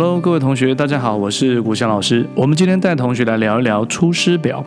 Hello，各位同學，大家好，我是古香老師。我們今天帶同學來聊一聊《出師表》。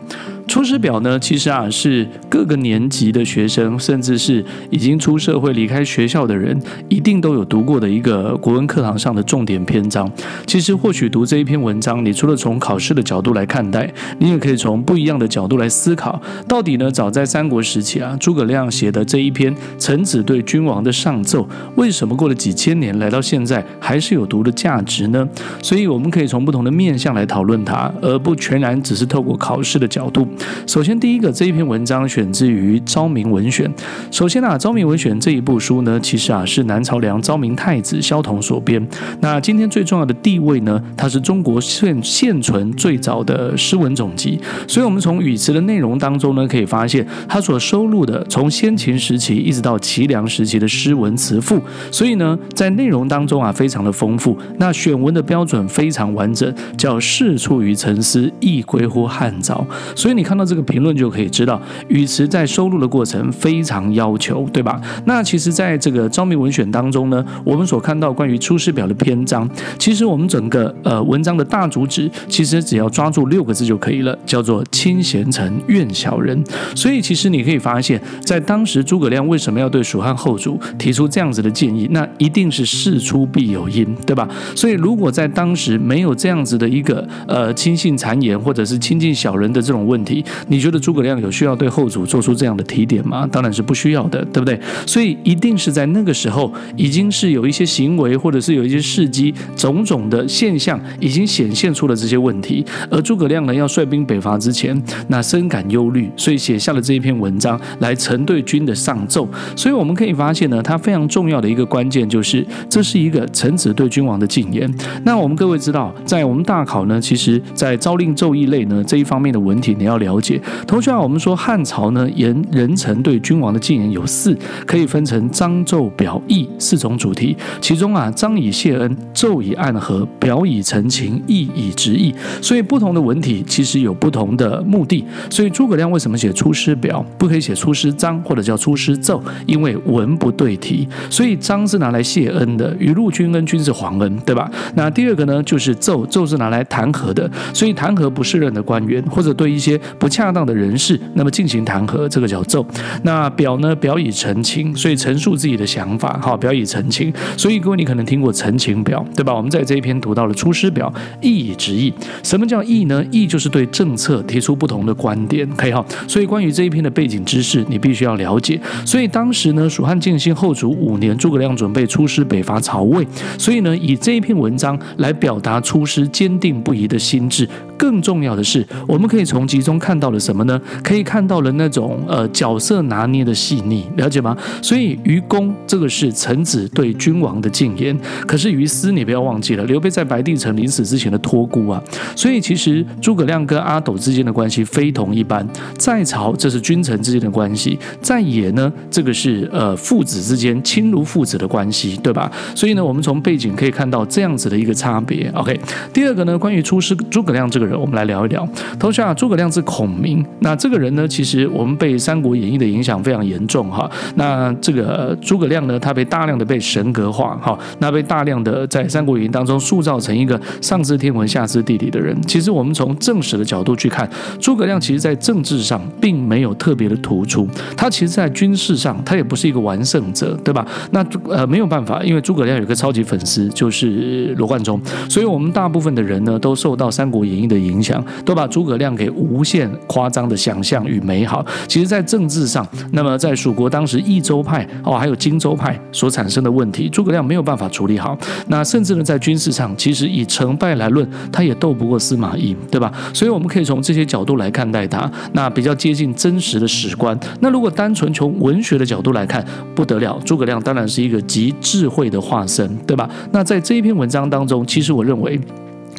出師表呢，其實啊是各個年級的學生，甚至是已經出社會離開學校的人，一定都有讀過的一個國文課堂上的重點篇章。其實，或許讀這一篇文章，你除了從考試的角度來看待，你也可以從不一樣的角度來思考。到底呢，早在三國時期啊，諸葛亮寫的這一篇臣子對君王的上奏，為什麼過了幾千年來到現在還是有讀的價值呢？所以，我們可以從不同的面向來討論它，而不全然只是透過考試的角度。首先，第一個這一篇文章選自於、啊《昭明文選》。首先啊，《昭明文選》這一部書呢，其實啊是南朝梁昭明太子蕭統所編。那今天最重要的地位呢，它是中國現現存最早的詩文總集。所以，我們從語詞的內容當中呢，可以發現它所收錄的從先秦時期一直到齊梁時期的詩文詞賦。所以呢，在內容當中啊，非常的豐富。那選文的標準非常完整，叫事出於沉思，亦歸乎翰藻。所以你看到這個評論就可以知道，語詞在收錄的過程非常要求，對吧？那其實，在這個《昭明文選》當中呢，我們所看到關於《出師表》的篇章，其實我們整個呃文章的大主旨，其實只要抓住六個字就可以了，叫做“親賢臣，遠小人”。所以，其實你可以發現，在當時諸葛亮為什麼要對蜀漢後主提出這樣子的建議，那一定是事出必有因，對吧？所以，如果在當時沒有這樣子的一個呃親信讒言或者是親近小人的這種問題，你覺得諸葛亮有需要對後主做出這樣的提點嗎？當然是不需要的，對不對？所以一定是在那個時候，已經是有一些行為，或者是有一些事蹟，種種的現象已經顯現出了這些問題。而諸葛亮呢，要率兵北伐之前，那深感憂慮，所以寫下了這一篇文章來陳對君的上奏。所以我們可以發現呢，他非常重要的一個關鍵就是，這是一個臣子對君王的諫言。那我們各位知道，在我們大考呢，其實在詔令奏議類呢這一方面的文體，你要。了解，同啊，我們說漢朝呢，言人臣對君王的諫言，有四，可以分成章、奏、表、議四種主題。其中啊，章以謝恩，奏以按劾，表以陳情，議以執異。所以不同的文體其實有不同的目的。所以諸葛亮為什麼寫出師表，不可以寫出師章或者叫出師奏？因為文不對題。所以章是拿來謝恩的，雨露均恩，均是皇恩，對吧？那第二個呢，就是奏，奏是拿來彈劾的。所以彈劾不適任的官員，或者對一些。不恰當的人士，那麼進行彈劾，這個叫奏。那表呢？表以陳情，所以陳述自己的想法。哈，表以陳情。所以各位你可能聽過陳情表，對吧？我們在這一篇讀到了《出師表》，議以執異。什麼叫議呢？議就是對政策提出不同的觀點。可以哈、哦。所以關於這一篇的背景知識，你必須要了解。所以當時呢，蜀漢建興後主五年，諸葛亮準備出師北伐曹魏，所以呢，以這一篇文章來表達出師堅定不移的心志。更重要的是，我們可以從其中看到了什麼呢？可以看到了那種呃角色拿捏的細膩，了解嗎？所以於，於公這個是臣子對君王的諫言，可是於私你不要忘記了，劉備在白帝城臨死之前的托孤啊。所以，其實諸葛亮跟阿斗之間的關係非同一般，在朝這是君臣之間的關係，在野呢，這個是呃父子之間親如父子的關係，對吧？所以呢，我們從背景可以看到這樣子的一個差別。OK，第二個呢，關於出師諸葛亮這個人。我們來聊一聊，同學，諸葛亮字孔明。那這個人呢，其實我們被《三國演義》的影響非常嚴重哈。那這個諸葛亮呢，他被大量的被神格化哈，那被大量的在《三國演義》當中塑造成一個上知天文下知地理的人。其實我們從正史的角度去看，諸葛亮其實在政治上並沒有特別的突出，他其實在軍事上他也不是一個完勝者，對吧？那諸呃沒有辦法，因為諸葛亮有個超級粉絲就是羅貫中，所以我們大部分的人呢都受到《三國演義》。的影響，都把諸葛亮給無限誇張的想象與美好。其實，在政治上，那麼在蜀國當時益州派哦，還有荊州派所產生的問題，諸葛亮沒有辦法處理好。那甚至呢，在軍事上，其實以成敗來論，他也鬥不過司馬懿，對吧？所以我們可以從這些角度來看待他，那比較接近真實的史觀。那如果單純從文學的角度來看，不得了，諸葛亮當然是一個極智慧的化身，對吧？那在這一篇文章當中，其實我認為。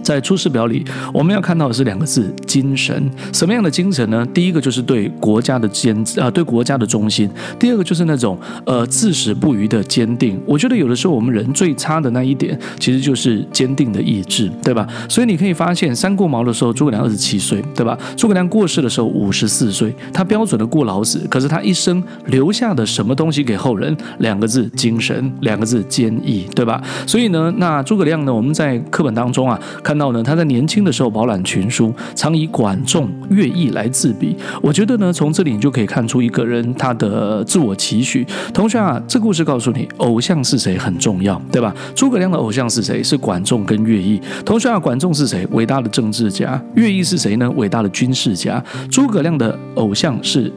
在《出師表》裡，我們要看到的是兩個字：精神。什麼樣的精神呢？第一個就是對國家的堅，呃，對國家的忠心；第二個就是那種，呃，至死不渝的堅定。我覺得有的時候我們人最差的那一點，其實就是堅定的意志，對吧？所以你可以發現，三顧茅廬的時候，諸葛亮二十七歲，對吧？諸葛亮過世的時候五十四歲，他標準的過勞死。可是他一生留下的什麼東西給後人？兩個字：精神，兩個字：堅毅，對吧？所以呢，那諸葛亮呢，我們在課本當中啊。看到呢，他在年輕的時候飽覽群書，常以管仲、樂毅來自比。我覺得呢，從這裡你就可以看出一個人他的自我期許。同學啊，這故事告訴你，偶像是誰很重要，對吧？諸葛亮的偶像是誰？是管仲跟樂毅。同學啊，管仲是誰？偉大的政治家。樂毅是誰呢？偉大的軍事家。諸葛亮的偶像是，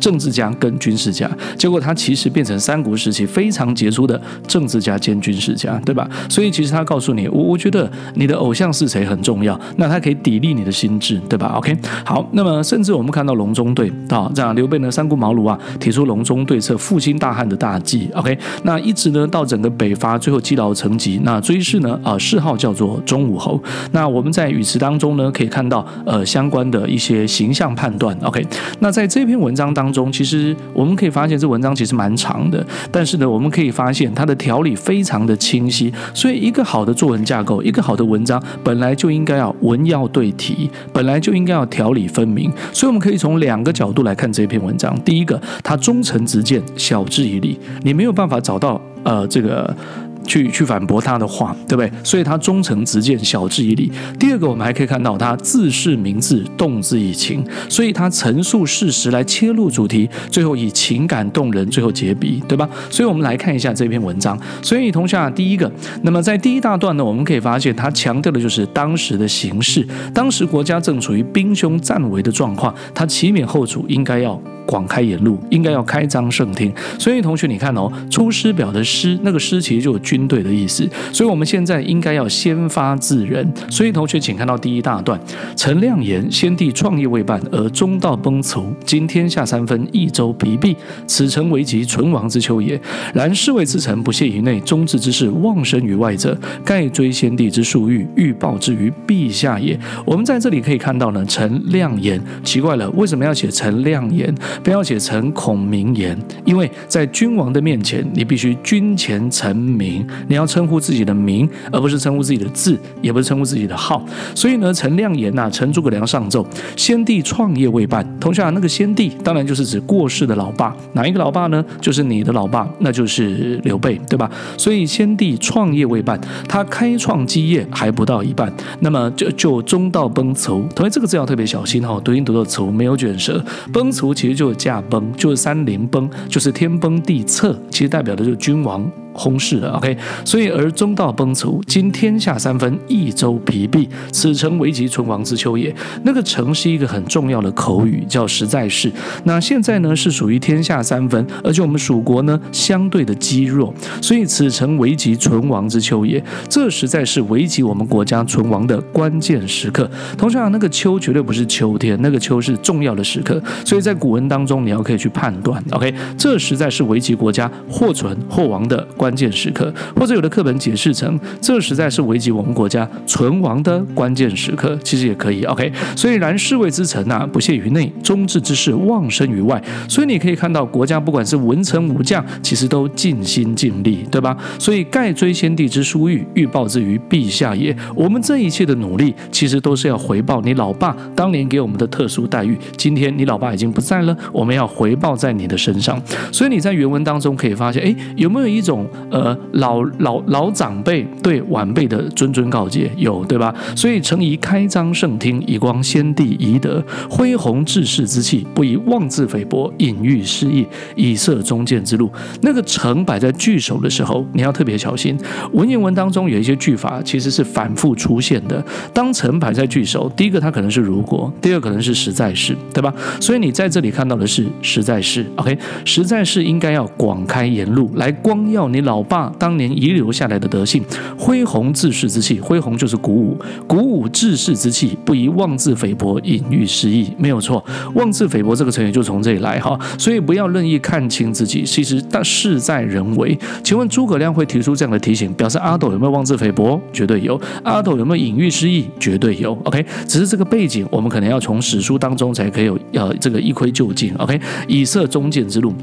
政治家跟軍事家，結果他其實變成三國時期非常傑出的政治家兼軍事家，對吧？所以其實他告訴你，我我覺得你的偶像是誰很重要，那他可以砥礪你的心智，對吧？OK，好，那麼甚至我們看到隆中對啊、哦，這樣劉備呢，三顧茅廬啊，提出隆中對策復興大漢的大計。OK，那一直呢到整個北伐最後積勞成疾，那追諡呢啊諡、呃、號叫做忠武侯。那我們在語詞當中呢可以看到呃相關的一些形象判斷。OK，那在這篇文章當中。當中，其實我們可以發現，這文章其實蠻長的。但是呢，我們可以發現它的條理非常的清晰。所以，一個好的作文架構，一個好的文章，本來就應該要文要對題，本來就應該要條理分明。所以，我們可以從兩個角度來看這篇文章。第一個，它忠誠直諫，曉之以理，你沒有辦法找到呃這個。去去反駁他的話，對不對？所以他忠誠直諫，曉之以理。第二個，我們還可以看到他自視明志、動之以情。所以他陳述事實來切入主題，最後以情感動人，最後結筆，對吧？所以我們來看一下這篇文章。所以，同學啊，第一個，那麼在第一大段呢，我們可以發現他強調的就是當時的形勢，當時國家正處於兵凶戰危的狀況，他啟稟後主應該要，廣開言路，應該要開張聖聽。所以同學，你看哦，《出師表》的“師”那個“師”其實就有軍隊的意思。所以我們現在應該要先發制人。所以同學，請看到第一大段：臣亮言，先帝創業未半而中道崩殂，今天下三分，益州疲弊，此誠危急存亡之秋也。然侍衛之臣不懈於內，忠志之士忘身於外者，蓋追先帝之殊遇，欲報之於陛下也。我們在這裡可以看到呢，臣亮言，奇怪了，為什麼要寫臣亮言？不要寫成孔明言，因為在君王的面前，你必須君前臣名，你要稱呼自己的名，而不是稱呼自己的字，也不是稱呼自己的號。所以呢，臣亮言吶、啊，臣諸葛亮上奏，先帝創業未半。同學啊，那個先帝當然就是指過世的老爸，哪一個老爸呢？就是你的老爸，那就是劉備，對吧？所以先帝創業未半，他開創基業還不到一半，那麼就就中道崩殂。同學，這個字要特別小心哈、哦，讀音讀作“殂”，沒有卷舌。崩殂其實就。座駕崩就是山林崩，就是天崩地坼，其實代表的就是君王。薨逝了，OK，所以而中道崩殂，今天下三分，益州疲弊，此誠危急存亡之秋也。那個“誠”是一個很重要的口語，叫“實在是”。那現在呢是屬於天下三分，而且我們蜀國呢相對的積弱，所以此誠危急存亡之秋也。這實在是危及我們國家存亡的關鍵時刻。同時啊那個“秋”絕對不是秋天，那個“秋”是重要的時刻。所以在古文當中，你要可以去判斷，OK，這實在是危及國家或存或亡的。關。關鍵時刻，或者有的課本解釋成這實在是危及我們國家存亡的關鍵時刻，其實也可以。OK，所以然侍衛之臣啊，啊不懈於內；忠志之士，忘身於外。所以你可以看到，國家不管是文臣武將，其實都盡心盡力，對吧？所以蓋追先帝之殊遇，欲報之於陛下也。我們這一切的努力，其實都是要回報你老爸當年給我們的特殊待遇。今天你老爸已經不在了，我們要回報在你的身上。所以你在原文當中可以發現，誒，有沒有一種？呃，老老老長輩對晚輩的諄諄告誡有對吧？所以誠宜開張聖聽，以光先帝遺德，恢弘志士之氣，不宜妄自菲薄，引喻失義，以塞忠諫之路。那個“誠”擺在句首的時候，你要特別小心。文言文當中有一些句法其實是反覆出現的。當“誠”擺在句首，第一個它可能是“如果”，第二個可能是“實在是”，對吧？所以你在這裡看到的是“實在是”。OK，“ 實在是”應該要廣開言路，來光耀你。老爸當年遺留下來的德性，恢弘志士之氣。恢弘就是鼓舞，鼓舞志士之氣，不宜妄自菲薄，引喻失義，沒有錯。妄自菲薄這個成語就從這裡來哈，所以不要任意看輕自己。其實，大事在人為。請問諸葛亮會提出這樣的提醒，表示阿斗有沒有妄自菲薄？絕對有。阿斗有沒有引喻失義？絕對有。OK，只是這個背景，我們可能要從史書當中才可以有呃這個一窺究竟。OK，以塞忠諫之路。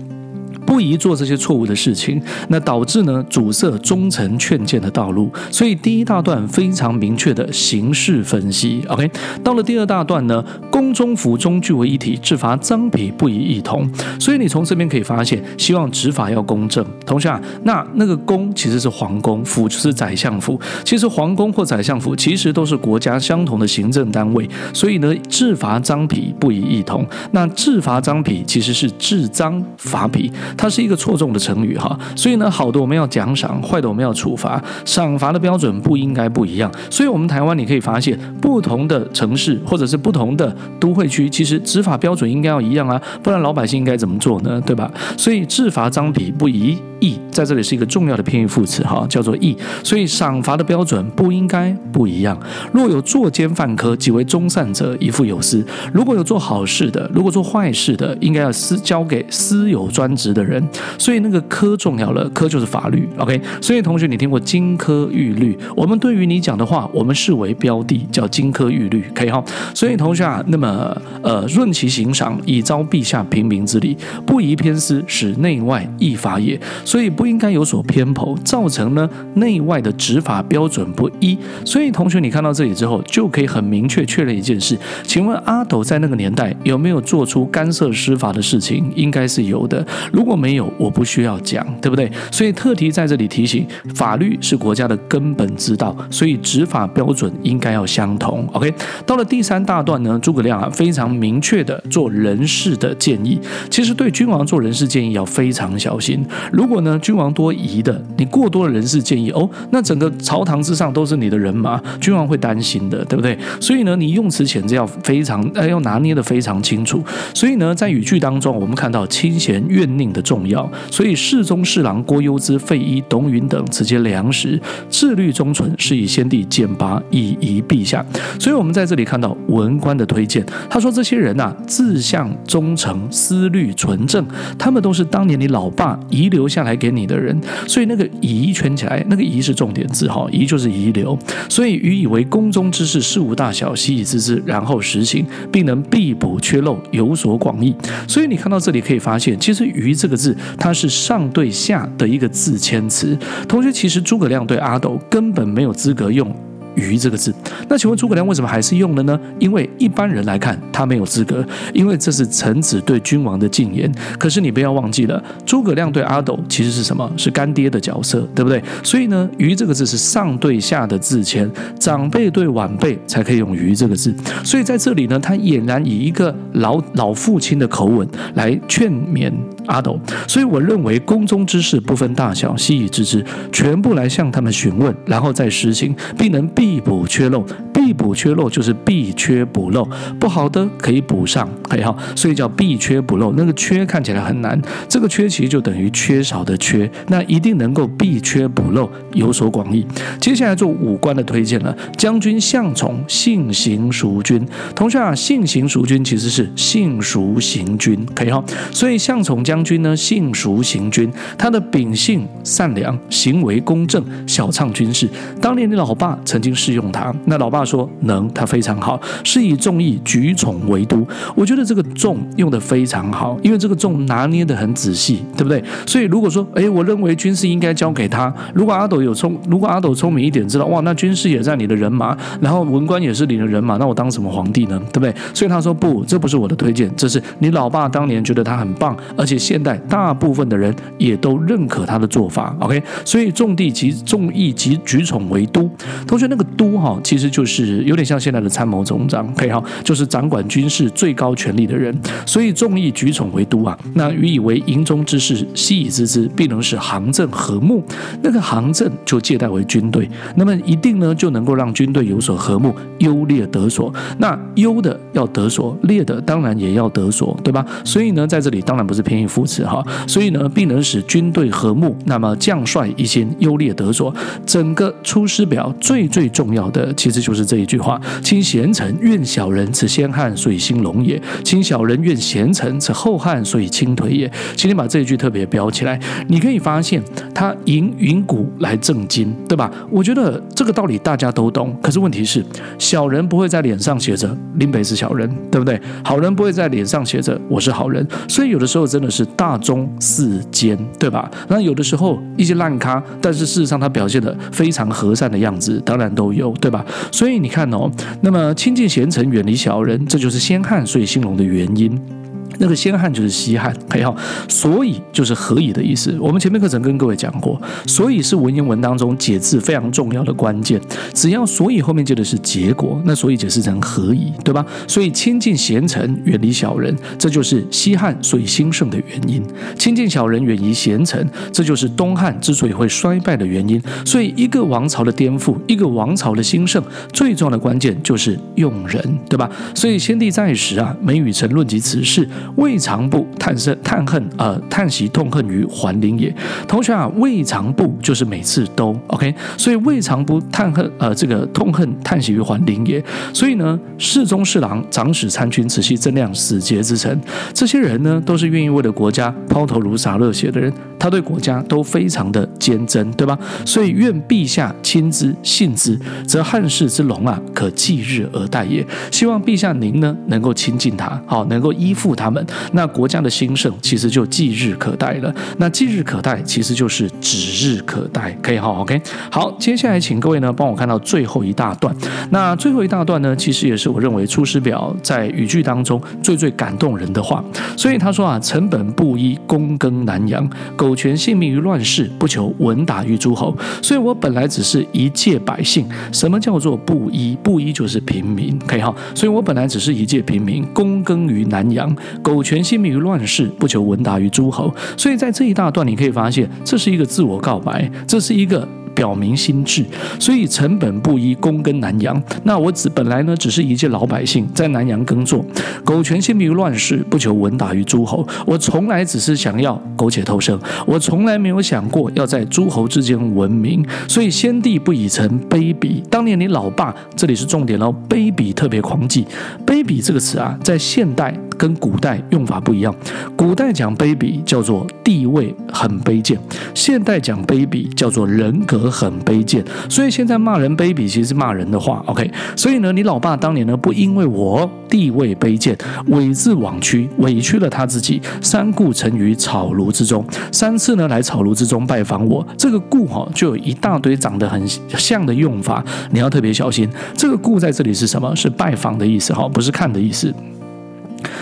不宜做這些錯誤的事情，那導致呢阻塞忠臣勸諫的道路。所以第一大段非常明確的形勢分析。OK，到了第二大段呢，宮中府中俱為一體，陟罰臧否，不宜異同。所以你從這邊可以發現，希望執法要公正。同學啊，那那個宮其實是皇宮，府就是宰相府。其實皇宮或宰相府其實都是國家相同的行政單位。所以呢，陟罰臧否不宜異同。那陟罰臧否其實是陟臧罰否。它是一個錯綜的成語哈，所以呢，好的我們要獎賞，壞的我們要處罰，賞罰的標準不應該不一樣。所以，我們台灣你可以發現，不同的城市或者是不同的都會區，其實執法標準應該要一樣啊，不然老百姓應該怎麼做呢？對吧？所以，陟罰臧否，不宜異同，在這裡是一個重要的偏義複詞哈，叫做異。所以，賞罰的標準不應該不一樣。若有作奸犯科，及為忠善者，宜付有司。如果有做好事的，如果做壞事的，應該要私交給私有專職的人，所以那個科重要了，科就是法律。OK，所以同學，你聽過金科玉律？我們對於你講的話，我們視為標的，叫金科玉律，可以哈、哦。所以同學啊，那麼呃，論其刑賞，以昭陛下平明之理，不宜偏私，使內外異法也。所以不應該有所偏頗，造成呢內外的執法標準不一。所以同學，你看到這裡之後，就可以很明確確認一件事：請問阿斗在那個年代有沒有做出干涉司法的事情？應該是有的。如果沒有，我不需要講，對不對？所以特提在這裡提醒，法律是國家的根本之道，所以執法標準應該要相同。OK，到了第三大段呢，諸葛亮啊非常明確地做人事的建議。其實對君王做人事建議要非常小心。如果呢君王多疑的，你過多的人事建議哦，那整個朝堂之上都是你的人馬，君王會擔心的，對不對？所以呢你用詞遣字要非常要拿捏得非常清楚。所以呢在語句當中，我們看到親賢遠佞的。重要，所以侍中侍郎郭攸之、費禕、董允等此皆良實，志慮忠純，是以先帝簡拔以遺陛下。所以我們在這裡看到文官的推薦，他說這些人吶、啊，志向忠誠，思慮純正，他們都是當年你老爸遺留下來給你的人。所以那個遺圈起來，那個遺是重點字哈，遺、哦、就是遺留。所以愚以為宮中之事，事無大小，悉以諮之，之，然後實行，並能必補缺漏，有所廣益。所以你看到這裡可以發現，其實愚這個。字，它是上對下的一個字謙詞。同學，其實諸葛亮對阿斗根本沒有資格用。於這個字，那請問諸葛亮為什麼還是用了呢？因為一般人來看他沒有資格，因為這是臣子對君王的諫言。可是你不要忘記了，諸葛亮對阿斗其實是什麼？是乾爹的角色，對不對？所以呢，於這個字是上對下的自謙，長輩對晚輩才可以用於這個字。所以在這裡呢，他儼然以一個老老父親的口吻來勸勉阿斗。所以我認為宮中之事不分大小，悉以知之，全部來向他們詢問，然後再實行，並能裨補闕漏，裨補闕漏就是裨闕補漏，不好的可以補上，可以哈、哦，所以叫裨闕補漏。那個闕看起來很難，這個闕其實就等於缺少的缺，那一定能夠裨闕補漏，有所廣益。接下來做武官的推薦了，將軍向寵性行淑均。同學啊，性行淑均其實是性淑行均，可以哈、哦。所以向寵將軍呢，性淑行均，他的秉性善良，行為公正，曉暢軍事。當年你老爸曾經。試用他，那老爸說能，他非常好，是以眾議舉寵為督。我覺得這個“眾”用得非常好，因為這個“眾”拿捏得很仔細，對不對？所以如果說，哎，我認為軍事應該交給他。如果阿斗有聰，如果阿斗聰明一點，知道哇，那軍事也在你的人馬，然後文官也是你的人馬，那我當什麼皇帝呢？對不對？所以他說不，這不是我的推薦，這是你老爸當年覺得他很棒，而且現代大部分的人也都認可他的做法。OK，所以眾地及眾議及舉寵為督，同學那個。都哈，其實就是有點像現在的參謀總長，配以哈，就是掌管軍事最高權力的人。所以眾議舉寵為都啊，那予以為營中之事，悉以諮之，之，必能使行政和睦。那個行政就借代為軍隊，那麼一定呢就能夠讓軍隊有所和睦，優劣得所。那優的要得所，劣的當然也要得所，對吧？所以呢，在這裡當然不是偏於扶持哈，所以呢，必能使軍隊和睦，那麼將帥一心，優劣得所。整個《出師表》最最。重要的其實就是這一句話：“親賢臣，遠小人，此先漢所以興隆也；親小人，遠賢臣，此後漢所以傾頹也。”請你把這一句特別標起來，你可以發現他引用古來證今，對吧？我覺得這個道理大家都懂，可是問題是，小人不會在臉上寫着“林北是小人”，對不對？好人不會在臉上寫着“我是好人”，所以有的時候真的是大忠似奸，對吧？那有的時候一些爛咖，但是事實上他表現的非常和善的樣子，當然都。左右對吧？所以你看哦，那麼親近賢臣，遠離小人，這就是先漢所以興隆的原因。那個先漢就是西漢，還好、哦。所以就是何以的意思。我們前面課程跟各位講過，所以是文言文當中解字非常重要的關鍵。只要所以後面接的是結果，那所以解釋成何以，對吧？所以親近賢臣，遠離小人，這就是西漢所以興盛的原因；親近小人，遠離賢臣，這就是東漢之所以會衰敗的原因。所以一個王朝的顛覆，一個王朝的興盛，最重要的關鍵就是用人，對吧？所以先帝在時啊，每與臣論及此事。未嘗不嘆生嘆恨而、呃、嘆息痛恨於桓靈也。同學啊，未嘗不就是每次都 OK，所以未嘗不嘆恨呃這個痛恨嘆息於桓靈也。所以呢，侍中、侍郎、長史、參軍，此悉貞良，死節之臣，這些人呢都是願意為了國家拋頭顱灑熱血的人，他對國家都非常的堅貞，對吧？所以願陛下親之信之，則漢室之隆啊，可計日而待也。希望陛下您呢能夠親近他，好、哦、能夠依附他。那國家的興盛其實就計日可待了。那計日可待，其實就是指日可待，可以哈。OK，好，接下來請各位呢幫我看到最後一大段。那最後一大段呢，其實也是我認為《出師表》在語句當中最最感動人的話。所以他說啊：“臣本布衣，躬耕南陽，苟全性命於亂世，不求聞達於諸侯。”所以，我本來只是一介百姓。什麼叫做布衣？布衣就是平民，可以哈。所以我本來只是一介平民，躬耕於南陽。苟全性命於亂世，不求聞達於諸侯。所以在這一大段，你可以發現，這是一個自我告白，這是一個。表明心志，所以臣本布衣，躬耕南陽。那我只本來呢，只是一介老百姓，在南陽耕作，苟全性命於亂世，不求聞達於諸侯。我從來只是想要苟且偷生，我從來沒有想過要在諸侯之間聞名。所以先帝不以臣卑鄙。當年你老爸這裡是重點嘍，卑鄙特別狂記。卑鄙這個詞啊，在現代跟古代用法不一樣。古代講卑鄙叫做地位很卑賤，現代講卑鄙叫做人格很卑賤，所以現在罵人“卑鄙”其實是罵人的話。OK，所以呢，你老爸當年呢，不因為我地位卑賤，猥自枉屈，委屈了他自己，三顧臣於草廬之中，三次呢來草廬之中拜訪我。這個“顧”哦就有一大堆長得很像的用法，你要特別小心。這個“顧”在這裡是什麼？是拜訪的意思，不是看的意思。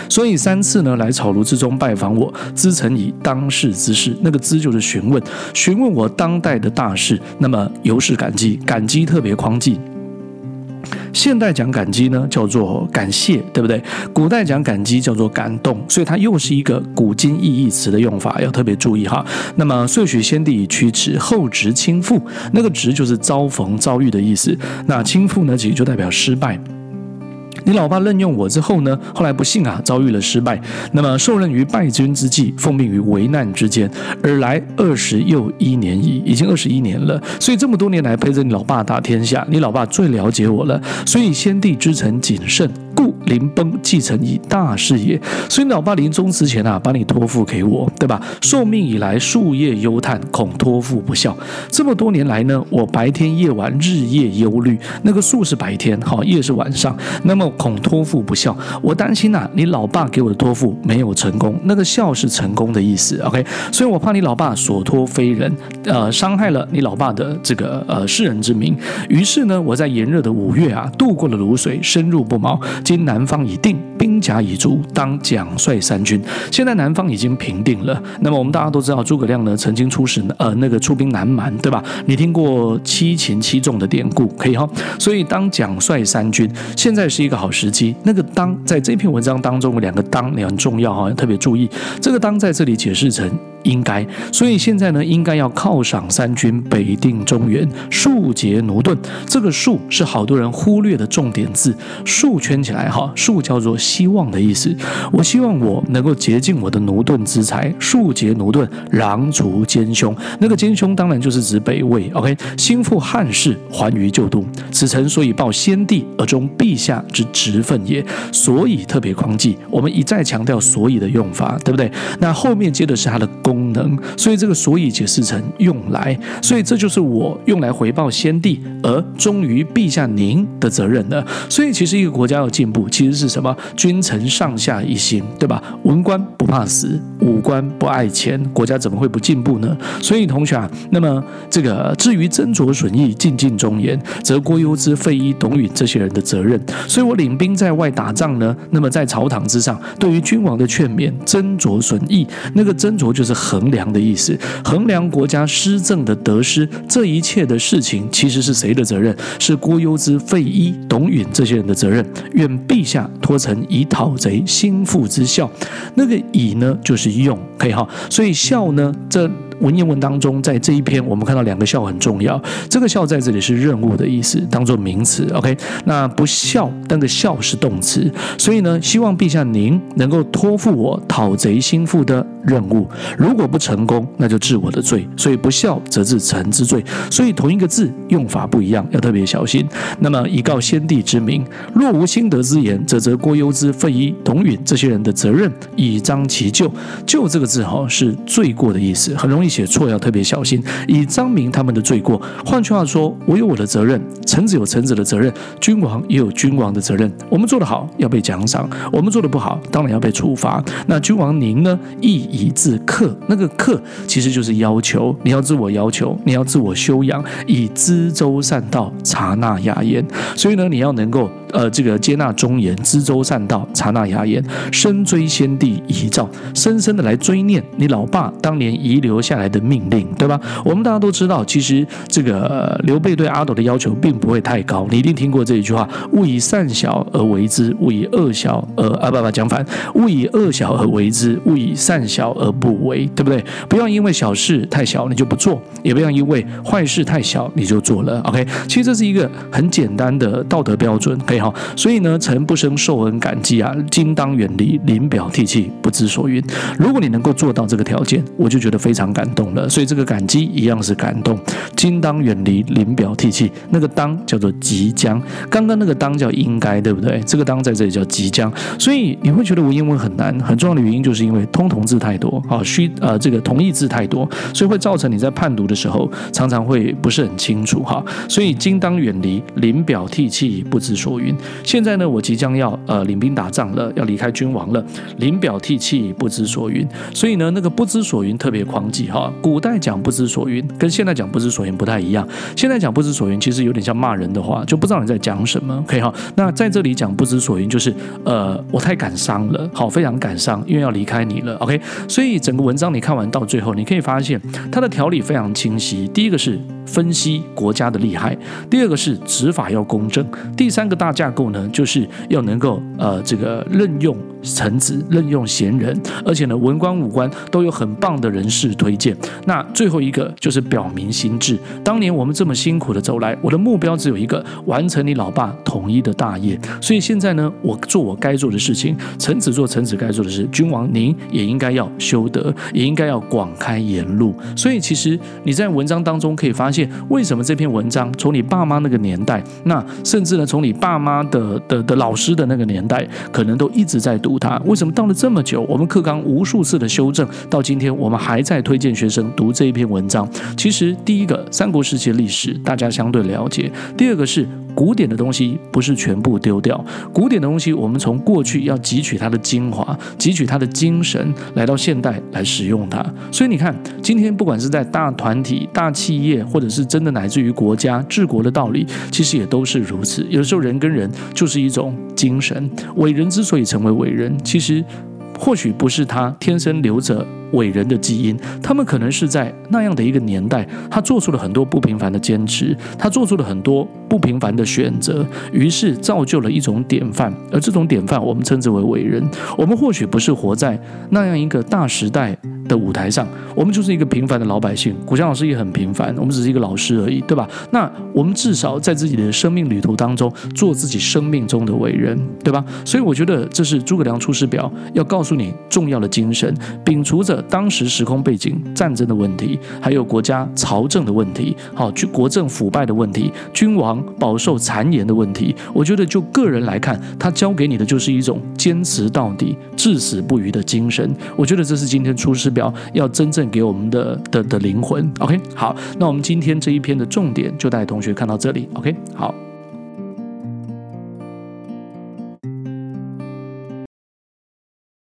所以三次呢來草廬之中拜訪我，諮臣以當世之事，那個諮就是詢問，詢問我當代的大事。那麼由是感激，感激特別匡濟。現代講感激呢叫做感謝，對不對？古代講感激叫做感動，所以它又是一個古今異義詞的用法，要特別注意哈。那麼遂許先帝以驅馳，後值傾覆，那個值就是遭逢、遭遇的意思。那傾覆呢，其實就代表失敗。你老爸任用我之後呢，後來不幸啊，遭遇了失敗。那麼受任於敗軍之際，奉命於危難之間，爾來二十又一年矣，已經二十一年了。所以這麼多年來陪着你老爸打天下，你老爸最了解我了。所以先帝之臣謹慎，故臨崩寄臣以大事也。所以你老爸臨終之前啊，把你託付給我，對吧？受命以來，夙夜憂嘆，恐託付不效。這麼多年來呢，我白天夜晚日夜憂慮。那個夙是白天，好夜是晚上。那麼恐托付不效，我擔心吶、啊。你老爸給我的托付沒有成功，那個效是成功的意思，OK，所以我怕你老爸所托非人，呃，傷害了你老爸的這個呃世人之名。於是呢，我在炎熱的五月啊，度過了瀘水，深入不毛，今南方已定。甲已足，當獎率三軍。現在南方已經平定了，那麼我們大家都知道，諸葛亮呢曾經出使，呃，那個出兵南蠻，對吧？你聽過七擒七縱的典故，可以哈、哦。所以當獎率三軍，現在是一個好時機。那個當，在這篇文章當中，兩個當很重要哈、哦，要特別注意。這個當在這裡解釋成。應該，所以現在呢，應該要犒賞三軍，北定中原，庶竭駑鈍。這個庶是好多人忽略的重點字，庶圈起來哈。庶叫做希望的意思。我希望我能夠竭盡我的駑鈍之才，庶竭駑鈍，攘除奸凶。那個奸凶當然就是指北魏。OK，興復漢室，還於舊都。此臣所以報先帝而忠陛下之職分也。所以特別框記，我們一再強調所以的用法，對不對？那後面接的是他的功。功能，所以這個所以解釋成用來，所以這就是我用來回報先帝而忠於陛下您的責任了。所以其實一個國家要進步，其實是什麼？君臣上下一心，對吧？文官不怕死，武官不愛錢，國家怎麼會不進步呢？所以同學啊，那麼這個至於斟酌損益，進盡忠言，則郭攸之、費祎、董允這些人的責任。所以我領兵在外打仗呢，那麼在朝堂之上，對於君王的勸勉，斟酌損益，那個斟酌就是。衡量的意思，衡量國家施政的得失，這一切的事情其實是誰的責任？是郭攸之、費禕、董允這些人的責任。願陛下托臣以討賊興復之效，那個以呢就是用，可以哈。所以效呢這。文言文當中，在這一篇，我們看到兩個“效”很重要。這個“效”在這裡是任務的意思，當做名詞。OK，那不效，但個“效”是動詞。所以呢，希望陛下您能夠托付我討賊興復的任務。如果不成功，那就治我的罪。所以不效則治臣之罪。所以同一個字用法不一樣，要特別小心。那麼以告先帝之名，若無興德之言，則責郭攸之、費禕、董允這些人的責任，以彰其咎。咎這個字哈，是罪過的意思，很容易。寫錯要特別小心，以彰明他們的罪過。換句話說，我有我的責任，臣子有臣子的責任，君王也有君王的責任。我們做得好，要被獎賞；我們做得不好，當然要被處罰。那君王您呢？亦宜自克。那個克其實就是要求你要自我要求，你要自我修養，以諮諏善道，察納雅言。所以呢，你要能夠呃，這個接納忠言，諮諏善道，察納雅言，深追先帝遺詔，深深的來追念你老爸當年遺留下來的命令，對吧？我們大家都知道，其實這個、呃、劉備對阿斗的要求並不會太高。你一定聽過這一句話：“勿以善小而為之，勿以惡小而……啊，爸、啊、爸講反，勿以惡小而為之，勿以善小而不為，對不對？不要因為小事太小你就不做，也不要因為壞事太小你就做了。OK，其實這是一個很簡單的道德標準，可以好。所以呢，臣不勝受恩感激啊，今當遠離，臨表涕泣，不知所云。如果你能夠做到這個條件，我就覺得非常感激。感動了，所以這個感激一樣是感動。今當遠離，臨表涕泣。那個當叫做即將。剛剛那個當叫應該，對不對？這個當在這裡叫即將。所以你會覺得文言文很難。很重要的原因就是因為通同字太多啊，虛呃這個同義字太多，所以會造成你在判讀的時候常常會不是很清楚哈。所以今當遠離，臨表涕泣，不知所云。現在呢，我即將要呃領兵打仗了，要離開君王了，臨表涕泣，不知所云。所以呢，那個不知所云特別狂急。好，古代講不知所云，跟現在講不知所云不太一樣。現在講不知所云，其實有點像罵人的話，就不知道你在講什麼。可以哈，那在這裡講不知所云，就是呃，我太感傷了，好，非常感傷，因為要離開你了。OK，所以整個文章你看完到最後，你可以發現它的條理非常清晰。第一個是。分析國家的利害。第二個是執法要公正。第三個大架構呢，就是要能夠呃，這個任用臣子，任用賢人，而且呢，文官武官都有很棒的人士推薦。那最後一個就是表明心志，當年我們這麼辛苦的走來，我的目標只有一個，完成你老爸統一的大業。所以現在呢，我做我該做的事情，臣子做臣子該做的事。君王您也應該要修德，也應該要廣開言路。所以其實你在文章當中可以發現。為什麼這篇文章從你爸媽那個年代，那甚至呢，從你爸媽的的的，的老師的那個年代，可能都一直在讀它？為什麼到了這麼久，我們課綱無數次的修正，到今天我們還在推薦學生讀這一篇文章？其實，第一個，三國時期的歷史大家相對了解，第二個是。古典的東西不是全部丟掉，古典的東西我們從過去要汲取它的精華，汲取它的精神，來到現代來使用它。所以你看，今天不管是在大團體、大企業，或者是真的乃至於國家治國的道理，其實也都是如此。有時候人跟人就是一種精神，偉人之所以成為偉人，其實。或許不是他天生留着偉人的基因，他們可能是在那樣的一個年代，他做出了很多不平凡的堅持，他做出了很多不平凡的選擇，於是造就了一種典範，而這種典範我們稱之為偉人。我們或許不是活在那樣一個大時代，的舞台上，我們就是一個平凡的老百姓。古江老師也很平凡，我們只是一個老師而已，對吧？那我們至少在自己的生命旅途當中，做自己生命中的偉人，對吧？所以我覺得這是諸葛亮《出師表》要告訴你重要的精神。摒除着當時時空背景、戰爭的問題，還有國家朝政的問題，好，國政腐敗的問題，君王飽受讒言的問題。我覺得就個人來看，他教給你的就是一種堅持到底、至死不渝的精神。我覺得這是今天出師。表要真正給我們的的的靈魂，OK，好，那我們今天這一篇的重點就帶同學看到這裡，OK，好。